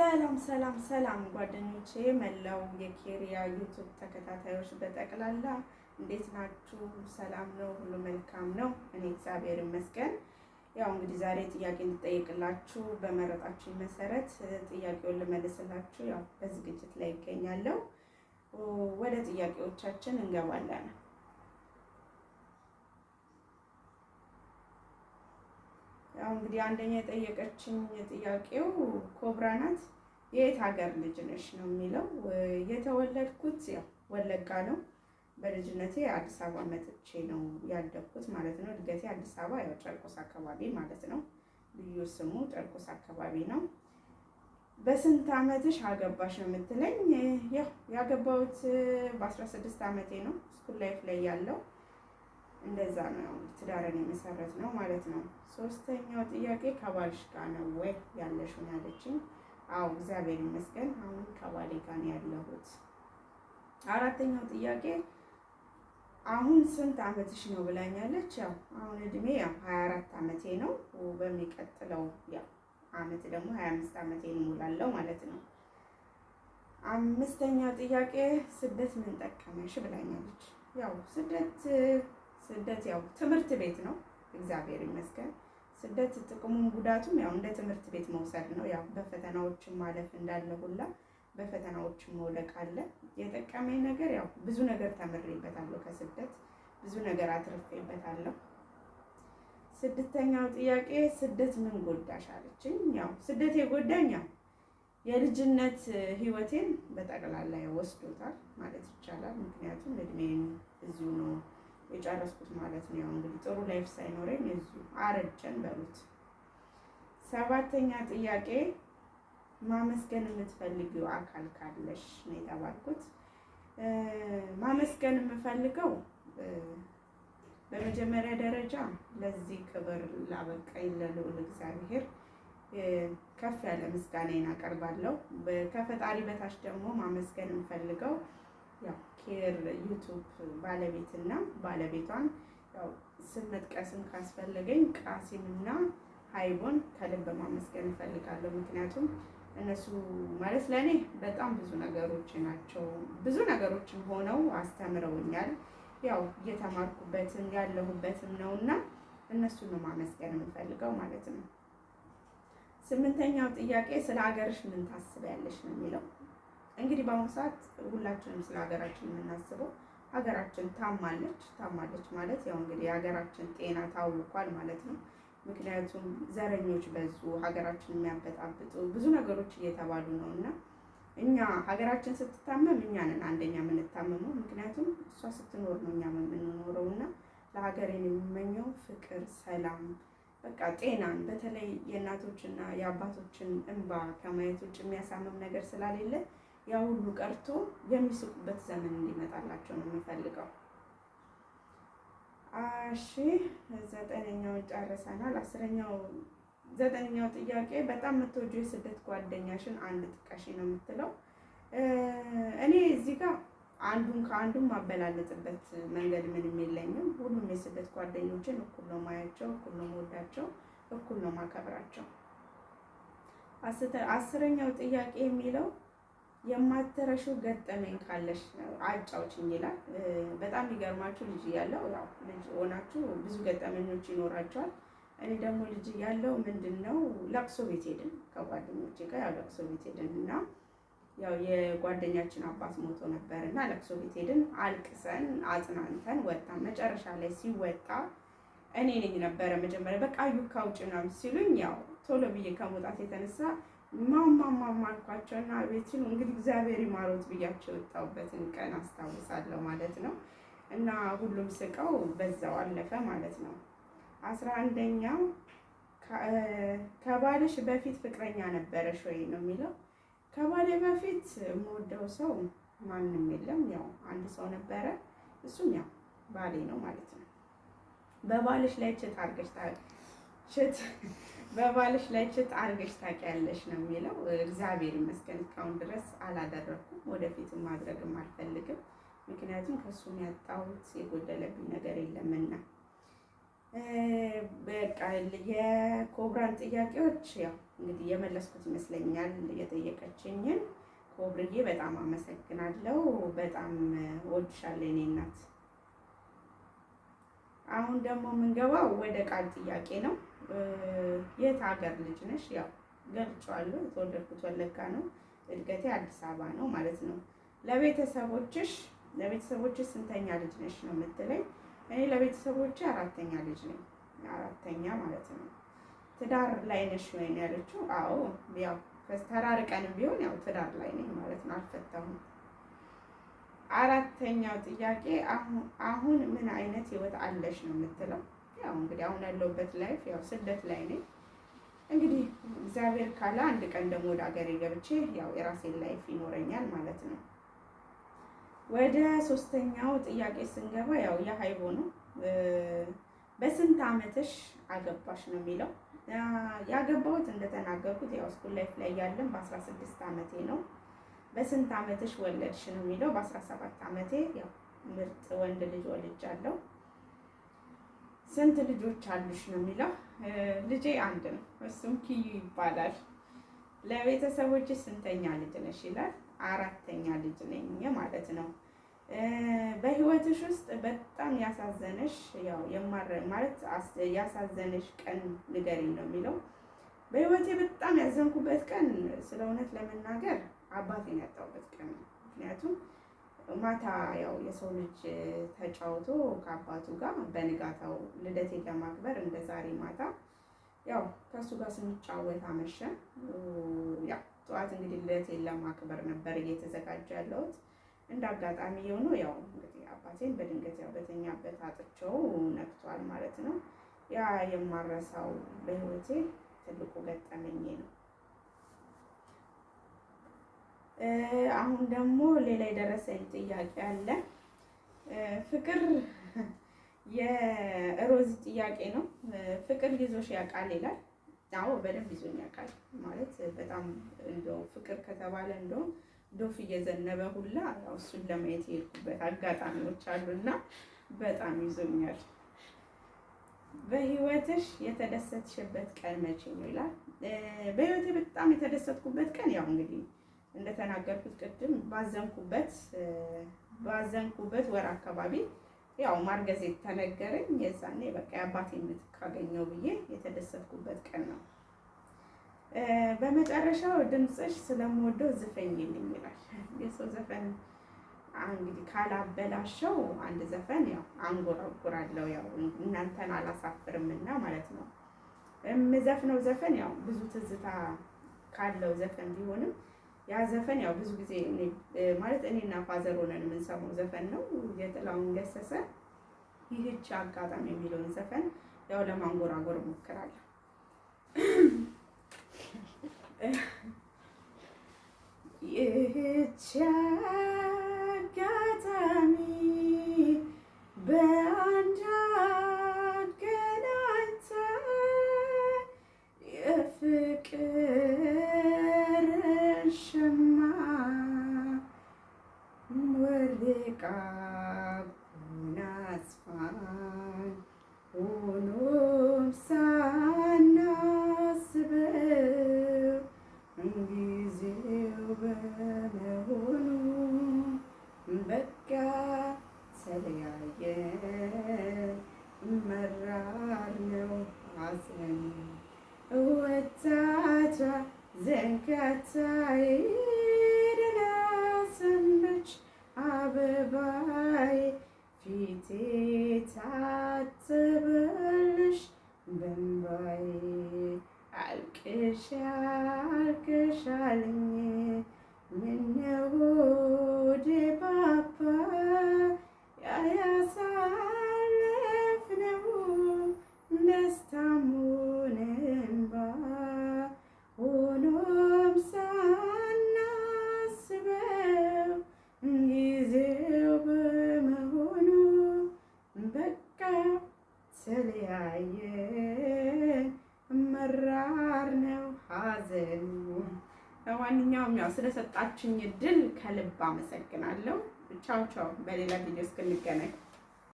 ሰላም ሰላም ሰላም ጓደኞቼ መላው የኬሪያ ዩቱብ ተከታታዮች በጠቅላላ እንዴት ናችሁ? ሰላም ነው? ሁሉ መልካም ነው? እኔ እግዚአብሔር ይመስገን። ያው እንግዲህ ዛሬ ጥያቄ እንድጠይቅላችሁ በመረጣችሁ መሰረት ጥያቄውን ልመልስላችሁ ያው በዝግጅት ላይ ይገኛለሁ። ወደ ጥያቄዎቻችን እንገባለን። ያው እንግዲህ አንደኛ የጠየቀችኝ ጥያቄው ኮብራ ናት። የየት ሀገር ልጅ ነሽ ነው የሚለው። የተወለድኩት ያው ወለጋ ነው። በልጅነቴ አዲስ አበባ መጥቼ ነው ያደግኩት ማለት ነው። እድገቴ አዲስ አበባ ያው ጨርቆስ አካባቢ ማለት ነው። ልዩ ስሙ ጨርቆስ አካባቢ ነው። በስንት አመትሽ አገባሽ ነው የምትለኝ። ያው ያገባሁት በ16 አመቴ ነው ስኩል ላይፍ ላይ ያለው እንደዛ ነው ትዳርን የመሰረት ነው ማለት ነው። ሶስተኛው ጥያቄ ከባልሽ ጋር ነው ወይ ያለሽውን ያለችኝ። አዎ እግዚአብሔር ይመስገን አሁን ከባሌ ጋር ነው ያለሁት። አራተኛው ጥያቄ አሁን ስንት አመትሽ ነው ብላኛለች። ያው አሁን እድሜ ያው 24 አመቴ ነው። በሚቀጥለው ያው አመት ደግሞ 25 አመቴ እሞላለሁ ማለት ነው። አምስተኛው ጥያቄ ስደት ምን ጠቀመሽ ብላኛለች። ያው ስደት ስደት ያው ትምህርት ቤት ነው። እግዚአብሔር ይመስገን። ስደት ጥቅሙም ጉዳቱም ያው እንደ ትምህርት ቤት መውሰድ ነው። ያው በፈተናዎችም ማለፍ እንዳለ ሁላ በፈተናዎች መውለቅ አለ። የጠቀመኝ ነገር ያው ብዙ ነገር ተምሬበታለሁ። ከስደት ብዙ ነገር አትርፌበታለሁ። ስድስተኛው ጥያቄ ስደት ምን ጎዳሽ አለችኝ። ያው ስደት የጎዳኝ ያው የልጅነት ህይወቴን በጠቅላላ ወስዶታል ማለት ይቻላል። ምክንያቱም እድሜ የጨረስኩት ማለት ነው። ያው እንግዲህ ጥሩ ላይፍ ሳይኖረኝ እዚሁ አረጀን በሉት። ሰባተኛ ጥያቄ ማመስገን የምትፈልጊው አካል ካለሽ ነው የተባልኩት። ማመስገን የምፈልገው በመጀመሪያ ደረጃ ለዚህ ክብር ላበቃኝ ለልዑል እግዚአብሔር ከፍ ያለ ምስጋናዬን አቀርባለሁ። ከፈጣሪ በታች ደግሞ ማመስገን የምፈልገው ያው ኬር ዩቱብ ባለቤትና ባለቤቷን ያው ስም መጥቀስም ካስፈለገኝ ቃሲምና ሀይቦን ከልብ ማመስገን እፈልጋለሁ። ምክንያቱም እነሱ ማለት ለእኔ በጣም ብዙ ነገሮች ናቸው። ብዙ ነገሮችን ሆነው አስተምረውኛል። ያው እየተማርኩበትም ያለሁበትም ነው እና እነሱን ነው ማመስገን የምፈልገው ማለት ነው። ስምንተኛው ጥያቄ ስለ ሀገርሽ ምን ታስቢያለሽ ነው የሚለው እንግዲህ በአሁኑ ሰዓት ሁላችንም ስለ ሀገራችን የምናስበው ሀገራችን ታማለች። ታማለች ማለት ያው እንግዲህ የሀገራችን ጤና ታውቋል ማለት ነው። ምክንያቱም ዘረኞች በዙ፣ ሀገራችን የሚያበጣብጡ ብዙ ነገሮች እየተባሉ ነው እና እኛ ሀገራችን ስትታመም እኛ ነን አንደኛ የምንታመመው፣ ምክንያቱም እሷ ስትኖር ነው እኛ የምንኖረው እና ለሀገር የሚመኘው ፍቅር፣ ሰላም፣ በቃ ጤናን በተለይ የእናቶችና የአባቶችን እንባ ከማየት ውጭ የሚያሳምም ነገር ስላሌለ ያ ሁሉ ቀርቶ የሚስቁበት ዘመን እንዲመጣላቸው ነው የምንፈልገው። እሺ ዘጠነኛውን ጨርሰናል። አስረኛው ዘጠነኛው ጥያቄ በጣም የምትወጁ የስደት ጓደኛሽን አንድ ጥቀሽ ነው የምትለው። እኔ እዚህ ጋር አንዱን ከአንዱም ማበላለጥበት መንገድ ምንም የለኝም። ሁሉም የስደት ጓደኞችን እኩል ነው ማያቸው፣ እኩል ነው መወዳቸው፣ እኩል ነው ማከብራቸው። አስረኛው ጥያቄ የሚለው የማትረሺው ገጠመኝ ካለሽ አጫውችኝ ይላል። በጣም የሚገርማችሁ ልጅ እያለሁ ያው ልጅ ሆናችሁ ብዙ ገጠመኞች ይኖራቸዋል። እኔ ደግሞ ልጅ እያለሁ ምንድን ነው ለቅሶ ቤት ሄድን ከጓደኞቼ ጋር ያው ለቅሶ ቤት ሄድን እና ያው የጓደኛችን አባት ሞቶ ነበር እና ለቅሶ ቤት ሄድን። አልቅሰን አጽናንተን ወጣን። መጨረሻ ላይ ሲወጣ እኔ ነኝ ነበረ መጀመሪያ በቃ ዩካ ውጭ ምናምን ሲሉኝ ያው ቶሎ ብዬ ከመውጣት የተነሳ ማማማ አልኳቸው እና ቤችን እንግዲህ እግዚአብሔር ይማሮት ብያቸው የወጣሁበትን ቀን አስታውሳለሁ ማለት ነው። እና ሁሉም ስቀው በዛው አለፈ ማለት ነው። አስራ አንደኛው ከባልሽ በፊት ፍቅረኛ ነበረሽ ወይ ነው የሚለው። ከባሌ በፊት የምወደው ሰው ማንም የለም። ያው አንድ ሰው ነበረ፣ እሱም ያው ባሌ ነው ማለት ነው። በባልሽ ላይ ችት አድርገሽ ችት በባልሽ ላይ ችት አድርገሽ ታውቂያለሽ ነው የሚለው። እግዚአብሔር ይመስገን እስካሁን ድረስ አላደረኩም፣ ወደፊትም ማድረግም አልፈልግም። ምክንያቱም ከእሱም ያጣሁት የጎደለብኝ ነገር የለምና በቃ የኮብራን ጥያቄዎች ያው እንግዲህ የመለስኩት ይመስለኛል። የጠየቀችኝን ኮብርዬ በጣም አመሰግናለሁ። በጣም ወድሻለሁ የኔ እናት። አሁን ደግሞ የምንገባው ወደ ቃል ጥያቄ ነው። የት ሀገር ልጅ ነሽ? ያው ገልጫዋለሁ። የተወለድኩት ወለጋ ነው። እድገቴ አዲስ አበባ ነው ማለት ነው። ለቤተሰቦችሽ ለቤተሰቦችሽ ስንተኛ ልጅ ነሽ ነው የምትለኝ። እኔ ለቤተሰቦች አራተኛ ልጅ ነኝ። አራተኛ ማለት ነው። ትዳር ላይ ነሽ ወይ ነው ያለችው። አዎ ያው ተራርቀንም ቢሆን ያው ትዳር ላይ ነኝ ማለት ነው። አልፈታሁም አራተኛው ጥያቄ አሁን ምን አይነት ህይወት አለሽ ነው የምትለው። ያው እንግዲህ አሁን ያለሁበት ላይፍ ያው ስደት ላይ ነኝ። እንግዲህ እግዚአብሔር ካለ አንድ ቀን ደግሞ ወደ ሀገሬ ገብቼ ያው የራሴን ላይፍ ይኖረኛል ማለት ነው። ወደ ሶስተኛው ጥያቄ ስንገባ ያው የሀይቦ ነው። በስንት አመትሽ አገባሽ ነው የሚለው። ያገባሁት እንደተናገርኩት ያው ስኩል ላይፍ ላይ ያለን በአስራ ስድስት አመቴ ነው በስንት ዓመትሽ ወለድሽ ነው የሚለው። በ17 ዓመቴ ያው ምርጥ ወንድ ልጅ ወልጃለሁ። ስንት ልጆች አሉሽ ነው የሚለው። ልጄ አንድ ነው፣ እሱም ኪዩ ይባላል። ለቤተሰቦች ስንተኛ ልጅ ነሽ ይላል። አራተኛ ልጅ ነኝ ማለት ነው። በህይወትሽ ውስጥ በጣም ያሳዘነሽ ያው የማረ ማለት ያሳዘነሽ ቀን ንገሪኝ ነው የሚለው በህይወቴ በጣም ያዘንኩበት ቀን ስለ እውነት ለመናገር አባቴን ያጣሁበት ቀን ነው። ምክንያቱም ማታ ያው የሰው ልጅ ተጫውቶ ከአባቱ ጋር በንጋታው ልደቴን ለማክበር እንደ ዛሬ ማታ ያው ከእሱ ጋር ስንጫወት አመሸ። ያው ጠዋት እንግዲህ ልደቴን ለማክበር ነበር እየተዘጋጀ ያለሁት። እንደ አጋጣሚ የሆኑ ያው እንግዲህ አባቴን በድንገት ያው በተኛበት አጥቸው ነግቷል ማለት ነው። ያ የማረሳው በህይወቴ ትልቁ ገጠመኝ ነው። አሁን ደግሞ ሌላ የደረሰኝ ጥያቄ አለ። ፍቅር የሮዝ ጥያቄ ነው። ፍቅር ይዞሽ ያውቃል ይላል። አዎ በደንብ ይዞኝ ያውቃል ማለት በጣም እንደው ፍቅር ከተባለ እንደው ዶፍ እየዘነበ ሁላ እሱን ለማየት የሄድኩበት አጋጣሚዎች አሉና በጣም ይዞኛል። በህይወትሽ የተደሰትሽበት ቀን መቼ ነው ይላል። በህይወቴ በጣም የተደሰትኩበት ቀን ያው እንግዲህ እንደተናገርኩት ቅድም ባዘንኩበት ባዘንኩበት ወር አካባቢ ያው ማርገዜ የተነገረኝ የዛኔ በቃ የአባቴ ካገኘው ብዬ የተደሰትኩበት ቀን ነው። በመጨረሻው ድምፅሽ ስለምወደው ዝፈኝልኝ ይላል። የሰው ዘፈን እንግዲህ ካላበላሸው አንድ ዘፈን ያው አንጎራጉራለሁ ያው እናንተን አላሳፍርም እና ማለት ነው። የምዘፍነው ዘፈን ያው ብዙ ትዝታ ካለው ዘፈን ቢሆንም ያ ዘፈን ያው ብዙ ጊዜ ማለት እኔና ፋዘር ሆነን የምንሰማው ዘፈን ነው። የጥላውን ገሰሰ ይህች አጋጣሚ የሚለውን ዘፈን ያው ለማንጎራጎር እሞክራለሁ። ይህች got time. ጭንቀታይ ደህና አበባይ ፊቴ ታጠበልሽ በእንባዬ አልቅሻ አልቅሻልኝ ለማንኛውም ያው ስለሰጣችኝ ድል ከልብ አመሰግናለሁ። ቻው ቻው። በሌላ ቪዲዮ እስክንገናኝ